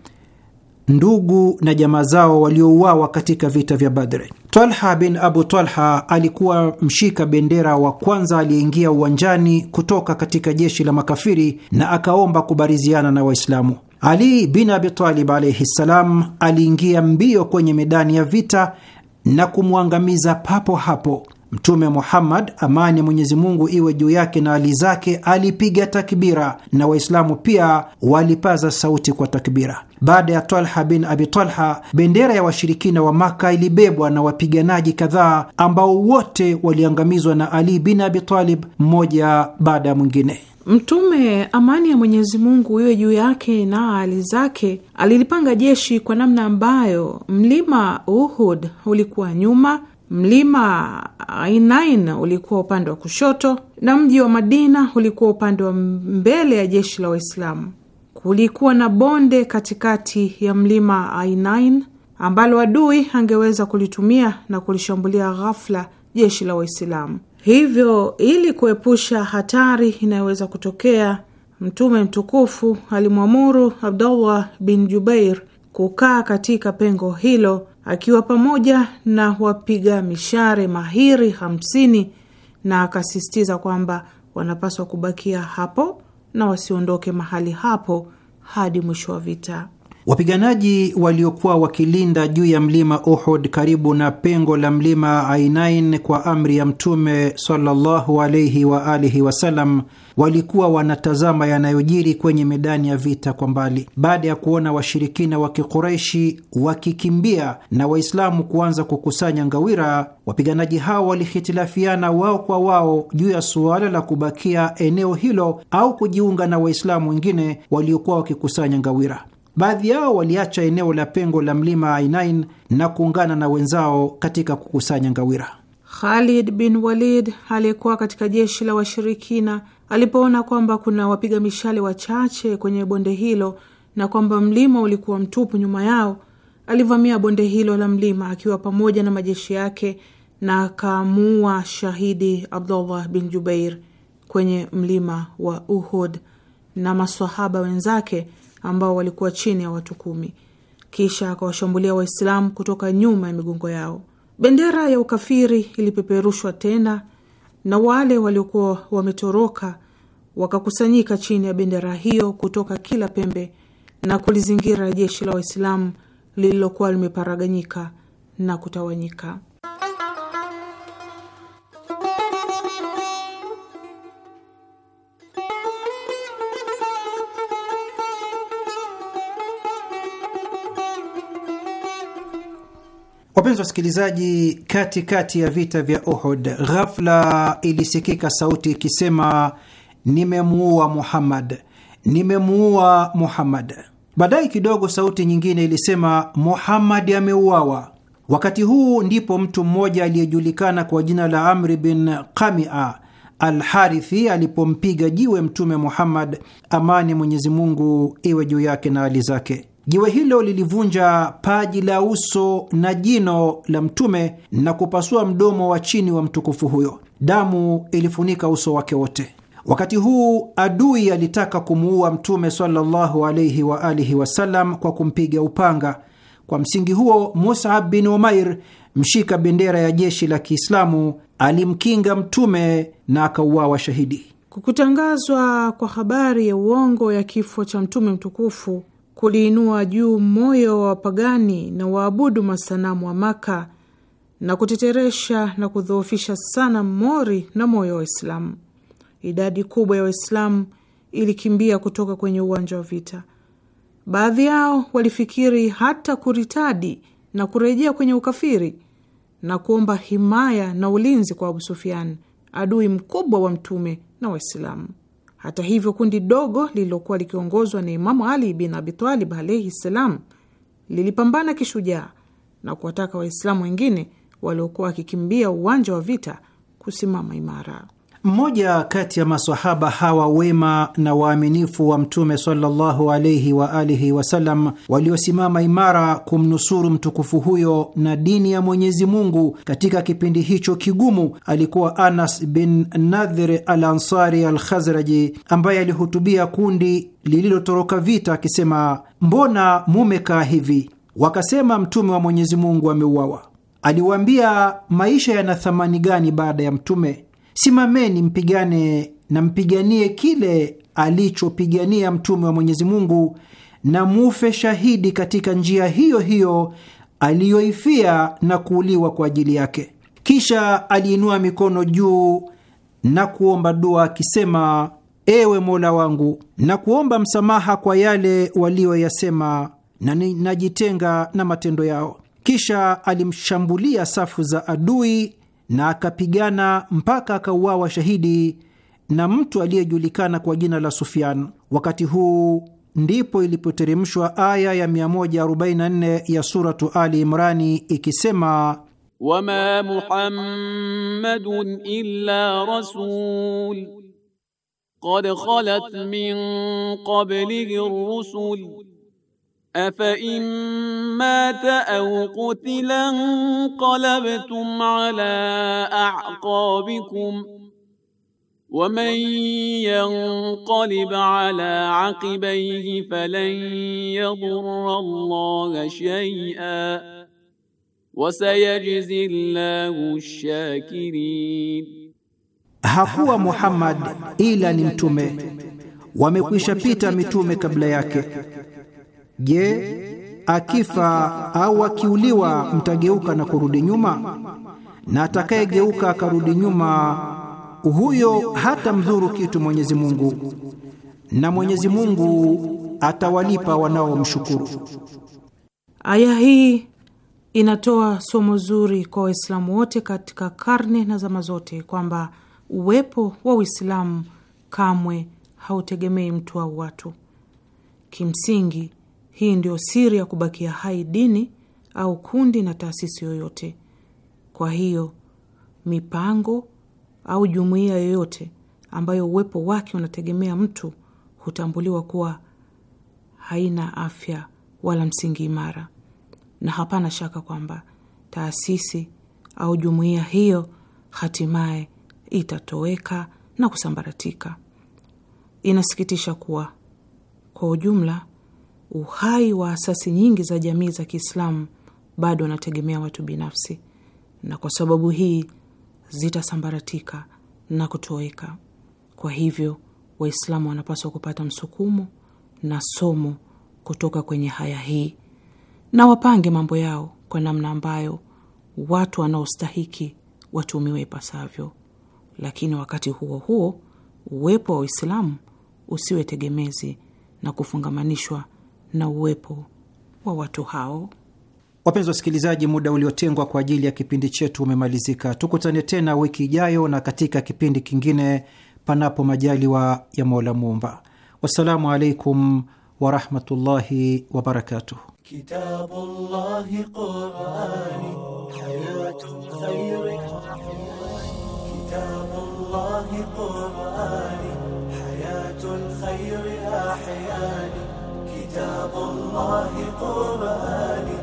ndugu na jamaa zao waliouawa katika vita vya Badri. Talha bin Abu Talha alikuwa mshika bendera wa kwanza aliyeingia uwanjani kutoka katika jeshi la makafiri na akaomba kubariziana na Waislamu. Ali bin Abi Talib alaihi ssalam aliingia mbio kwenye medani ya vita na kumwangamiza papo hapo. Mtume Muhammad, amani ya Mwenyezi Mungu iwe juu yake na hali zake, alipiga takbira na Waislamu pia walipaza sauti kwa takbira. Baada ya Talha bin Abi Talha, bendera ya washirikina wa Maka ilibebwa na wapiganaji kadhaa ambao wote waliangamizwa na Ali bin Abi Talib, mmoja baada ya mwingine. Mtume amani ya Mwenyezi Mungu iwe juu yake na ali zake alilipanga jeshi kwa namna ambayo mlima Uhud ulikuwa nyuma Mlima Ainain ulikuwa upande wa kushoto na mji wa Madina ulikuwa upande wa mbele ya jeshi la Waislamu. Kulikuwa na bonde katikati ya mlima Ainain ambalo adui angeweza kulitumia na kulishambulia ghafla jeshi la Waislamu. Hivyo, ili kuepusha hatari inayoweza kutokea, Mtume mtukufu alimwamuru Abdullah bin Jubair kukaa katika pengo hilo akiwa pamoja na wapiga mishare mahiri hamsini, na akasisitiza kwamba wanapaswa kubakia hapo na wasiondoke mahali hapo hadi mwisho wa vita. Wapiganaji waliokuwa wakilinda juu ya mlima Uhud karibu na pengo la mlima Ainain kwa amri ya Mtume sallallahu alaihi wa alihi wasallam walikuwa wanatazama yanayojiri kwenye medani ya vita kwa mbali. Baada ya kuona washirikina wa Kikureishi wakikimbia na Waislamu kuanza kukusanya ngawira, wapiganaji hao walihitilafiana wao kwa wao juu ya suala la kubakia eneo hilo au kujiunga na Waislamu wengine waliokuwa wakikusanya ngawira. Baadhi yao waliacha eneo la pengo la mlima Ainain na kuungana na wenzao katika kukusanya ngawira. Khalid bin Walid aliyekuwa katika jeshi la washirikina alipoona kwamba kuna wapiga mishale wachache kwenye bonde hilo na kwamba mlima ulikuwa mtupu nyuma yao, alivamia bonde hilo la mlima akiwa pamoja na majeshi yake na akaamua shahidi Abdullah bin Jubair kwenye mlima wa Uhud na maswahaba wenzake ambao walikuwa chini ya watu kumi. Kisha akawashambulia Waislamu kutoka nyuma ya migongo yao. Bendera ya ukafiri ilipeperushwa tena, na wale waliokuwa wametoroka wakakusanyika chini ya bendera hiyo kutoka kila pembe na kulizingira jeshi la Waislamu lililokuwa limeparaganyika na kutawanyika. Wapenzi wasikilizaji, katikati ya vita vya Uhud, ghafla ilisikika sauti ikisema, nimemuua Muhammad, nimemuua Muhammad. Baadaye kidogo sauti nyingine ilisema, Muhammadi ameuawa. Wakati huu ndipo mtu mmoja aliyejulikana kwa jina la Amri bin Qamia Alharithi alipompiga jiwe Mtume Muhammad, amani Mwenyezi Mungu iwe juu yake na hali zake. Jiwe hilo lilivunja paji la uso na jino la Mtume na kupasua mdomo wa chini wa mtukufu huyo. Damu ilifunika uso wake wote. Wakati huu adui alitaka kumuua Mtume sallallahu wa alihi wasallam kwa kumpiga upanga. Kwa msingi huo, Musab bin Umair, mshika bendera ya jeshi la Kiislamu, alimkinga Mtume na akauawa shahidi. kutangazwa kwa habari ya uongo ya kifo cha Mtume mtukufu kuliinua juu moyo wa wapagani na waabudu masanamu wa Maka na kuteteresha na kudhoofisha sana mori na moyo wa Waislamu. Idadi kubwa ya Waislamu ilikimbia kutoka kwenye uwanja wa vita. Baadhi yao walifikiri hata kuritadi na kurejea kwenye ukafiri na kuomba himaya na ulinzi kwa Abu sufian adui mkubwa wa Mtume na Waislamu. Hata hivyo, kundi dogo lililokuwa likiongozwa na Imamu Ali bin Abitalib alaihi ssalam lilipambana kishujaa na kuwataka Waislamu wengine waliokuwa wakikimbia uwanja wa vita kusimama imara. Mmoja kati ya masahaba hawa wema na waaminifu wa Mtume sallallahu alaihi wa alihi wasallam waliosimama imara kumnusuru mtukufu huyo na dini ya Mwenyezi Mungu katika kipindi hicho kigumu alikuwa Anas bin Nadhir al Ansari al Khazraji, ambaye alihutubia kundi lililotoroka vita akisema, mbona mumekaa hivi? Wakasema, Mtume wa Mwenyezi Mungu ameuawa. Aliwaambia, maisha yana thamani gani baada ya Mtume? Simameni mpigane na mpiganie kile alichopigania Mtume wa Mwenyezi Mungu na mufe shahidi katika njia hiyo hiyo aliyoifia na kuuliwa kwa ajili yake. Kisha aliinua mikono juu na kuomba dua akisema: Ewe Mola wangu, na kuomba msamaha kwa yale walioyasema na najitenga na matendo yao. Kisha alimshambulia safu za adui na akapigana mpaka akauawa shahidi na mtu aliyejulikana kwa jina la Sufyan. Wakati huu ndipo ilipoteremshwa aya ya 144 ya Suratu Ali Imrani ikisema, wama Muhammadun illa rasul qad khalat min qablihi rusul afa in mata au qutila qalabtum ala aqabikum wa man yanqalib ala aqibayhi falan yadurra Allaha shay'a wa sayajzi Allahu ash-shakirin, hakuwa Muhammad ila ni mtume, wamekwisha pita mitume kabla yake Je, akifa au akiuliwa mtageuka na kurudi nyuma? Na atakayegeuka akarudi nyuma, huyo hata mdhuru kitu Mwenyezi Mungu, na Mwenyezi Mungu atawalipa wanaomshukuru. Aya hii inatoa somo zuri kwa Waislamu wote katika karne na zama zote kwamba uwepo wa Uislamu kamwe hautegemei mtu au watu. Kimsingi, hii ndio siri ya kubakia hai dini au kundi na taasisi yoyote. Kwa hiyo mipango au jumuiya yoyote ambayo uwepo wake unategemea mtu hutambuliwa kuwa haina afya wala msingi imara, na hapana shaka kwamba taasisi au jumuiya hiyo hatimaye itatoweka na kusambaratika. Inasikitisha kuwa kwa ujumla uhai wa asasi nyingi za jamii za Kiislamu bado wanategemea watu binafsi, na kwa sababu hii zitasambaratika na kutoweka. Kwa hivyo, Waislamu wanapaswa kupata msukumo na somo kutoka kwenye haya hii, na wapange mambo yao kwa namna ambayo watu wanaostahiki watumiwe ipasavyo. Lakini wakati huo huo, uwepo wa Uislamu usiwe tegemezi na kufungamanishwa na uwepo wa watu hao. Wapenzi wasikilizaji, muda uliotengwa kwa ajili ya kipindi chetu umemalizika. Tukutane tena wiki ijayo na katika kipindi kingine, panapo majaliwa ya Mola Muumba. Wassalamu alaikum warahmatullahi wabarakatuh. Kitabullahi Qurani, hayatu khayri, Kitabullahi Qurani, hayatun khayri ahyani كتاب الله قرآني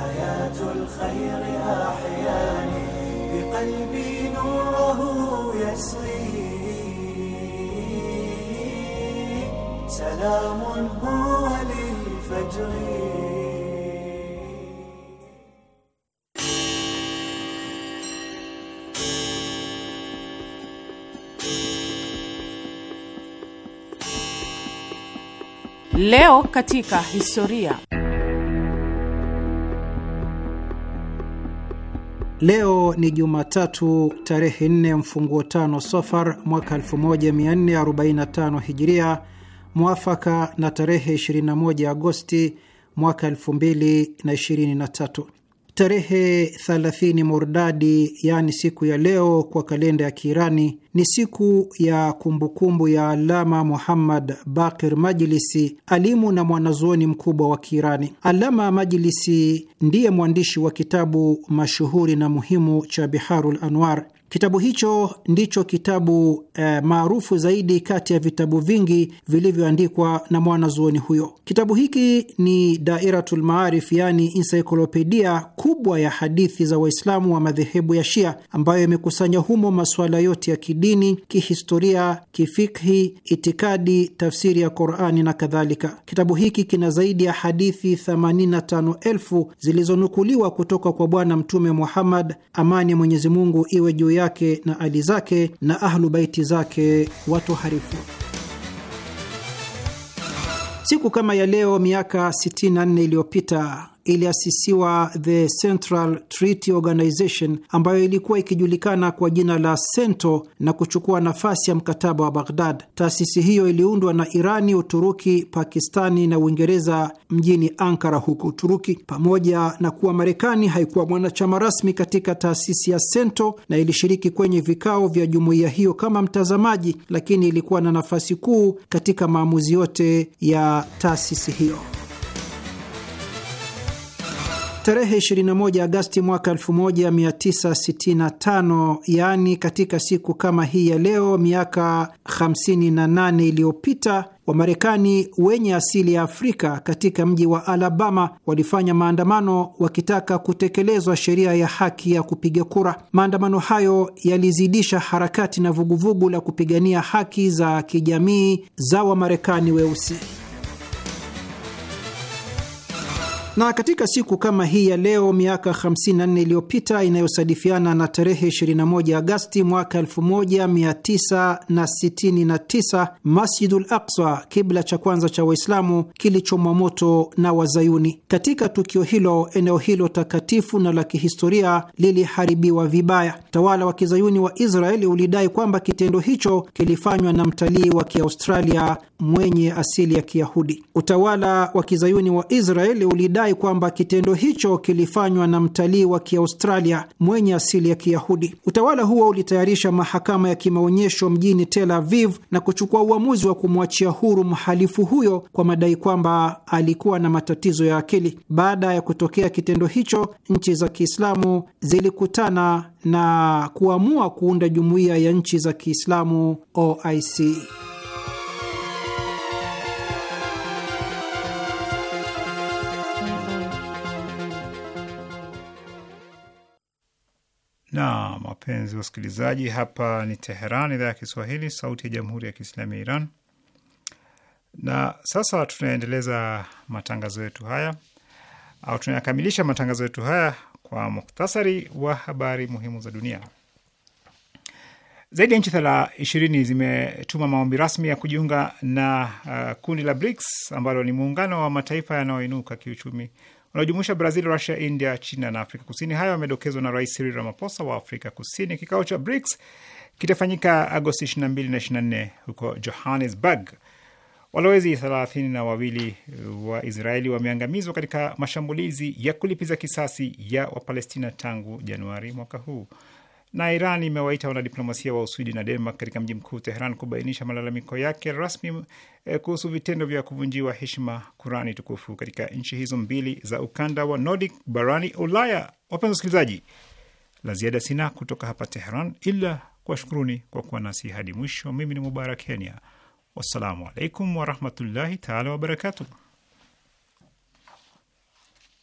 حياة الخير أحياني بقلبي نوره يسري سلام هو للفجر Leo katika historia. Leo ni Jumatatu tarehe nne mfunguo tano sofar mwaka 1445 Hijiria, mwafaka na tarehe 21 Agosti mwaka 2023. Tarehe 30 Mordadi, yaani siku ya leo kwa kalenda ya Kiirani, ni siku ya kumbukumbu ya Alama Muhammad Bakir Majlisi, alimu na mwanazuoni mkubwa wa Kiirani. Alama Majlisi ndiye mwandishi wa kitabu mashuhuri na muhimu cha Biharul Anwar. Kitabu hicho ndicho kitabu e, maarufu zaidi kati ya vitabu vingi vilivyoandikwa na mwanazuoni huyo. Kitabu hiki ni Dairatul Maarif, yaani ensaiklopedia kubwa ya hadithi za Waislamu wa madhehebu ya Shia, ambayo imekusanya humo masuala yote ya kidini, kihistoria, kifikhi, itikadi, tafsiri ya Qurani na kadhalika. Kitabu hiki kina zaidi ya hadithi 85,000 zilizonukuliwa kutoka kwa Bwana Mtume Muhammad, amani ya Mwenyezi Mungu iwe juu yake na ali zake na ahlu baiti zake watoharifu. Siku kama ya leo miaka 64 iliyopita iliasisiwa the Central Treaty Organization ambayo ilikuwa ikijulikana kwa jina la CENTO na kuchukua nafasi ya mkataba wa Baghdad. Taasisi hiyo iliundwa na Irani, Uturuki, Pakistani na Uingereza mjini Ankara huko Uturuki. Pamoja na kuwa Marekani haikuwa mwanachama rasmi katika taasisi ya CENTO na ilishiriki kwenye vikao vya jumuiya hiyo kama mtazamaji, lakini ilikuwa na nafasi kuu katika maamuzi yote ya taasisi hiyo. Tarehe 21 Agasti mwaka 1965, yaani katika siku kama hii ya leo miaka 58 iliyopita, Wamarekani wenye asili ya Afrika katika mji wa Alabama walifanya maandamano wakitaka kutekelezwa sheria ya haki ya kupiga kura. Maandamano hayo yalizidisha harakati na vuguvugu la kupigania haki za kijamii za Wamarekani weusi. Na katika siku kama hii ya leo miaka 54 iliyopita inayosadifiana na tarehe 21 Agasti mwaka 1969 Masjidul Aqsa, kibla cha kwanza cha Waislamu, kilichomwa moto na Wazayuni. Katika tukio hilo, eneo hilo takatifu na la kihistoria liliharibiwa vibaya. Utawala wa kizayuni wa Israeli ulidai kwamba kitendo hicho kilifanywa na mtalii wa kiaustralia mwenye asili ya Kiyahudi. Utawala wa kizayuni wa Israeli ulidai alidai kwamba kitendo hicho kilifanywa na mtalii wa Kiaustralia mwenye asili ya Kiyahudi. Utawala huo ulitayarisha mahakama ya kimaonyesho mjini Tel Aviv na kuchukua uamuzi wa kumwachia huru mhalifu huyo kwa madai kwamba alikuwa na matatizo ya akili. Baada ya kutokea kitendo hicho, nchi za Kiislamu zilikutana na kuamua kuunda jumuiya ya nchi za Kiislamu, OIC. na mapenzi wasikilizaji, hapa ni Teheran, idhaa ya Kiswahili, sauti ya jamhuri ya kiislami ya Iran. Na sasa tunaendeleza matangazo yetu haya au tunayakamilisha matangazo yetu haya kwa muhtasari wa habari muhimu za dunia. Zaidi ya nchi ishirini zimetuma maombi rasmi ya kujiunga na uh, kundi la BRICS ambalo ni muungano wa mataifa yanayoinuka kiuchumi wanaojumuisha Brazil, Russia, India, China na Afrika Kusini. Hayo yamedokezwa na Rais Cyril Ramaphosa wa Afrika Kusini. Kikao cha BRICS kitafanyika Agosti 22 na 24 huko Johannesburg. Walowezi thelathini na wawili wa Israeli wameangamizwa katika mashambulizi ya kulipiza kisasi ya Wapalestina tangu Januari mwaka huu na Iran imewaita wanadiplomasia wa Uswidi na Denmark katika mji mkuu Teheran kubainisha malalamiko yake rasmi eh, kuhusu vitendo vya kuvunjiwa heshima Kurani tukufu katika nchi hizo mbili za ukanda wa Nordic barani Ulaya. Wapenzi wasikilizaji, la ziada sina kutoka hapa Teheran ila kuwashukuruni kwa kuwa nasi hadi mwisho. Mimi ni Mubarak Kenya, wassalamu alaikum warahmatullahi taala wabarakatuh.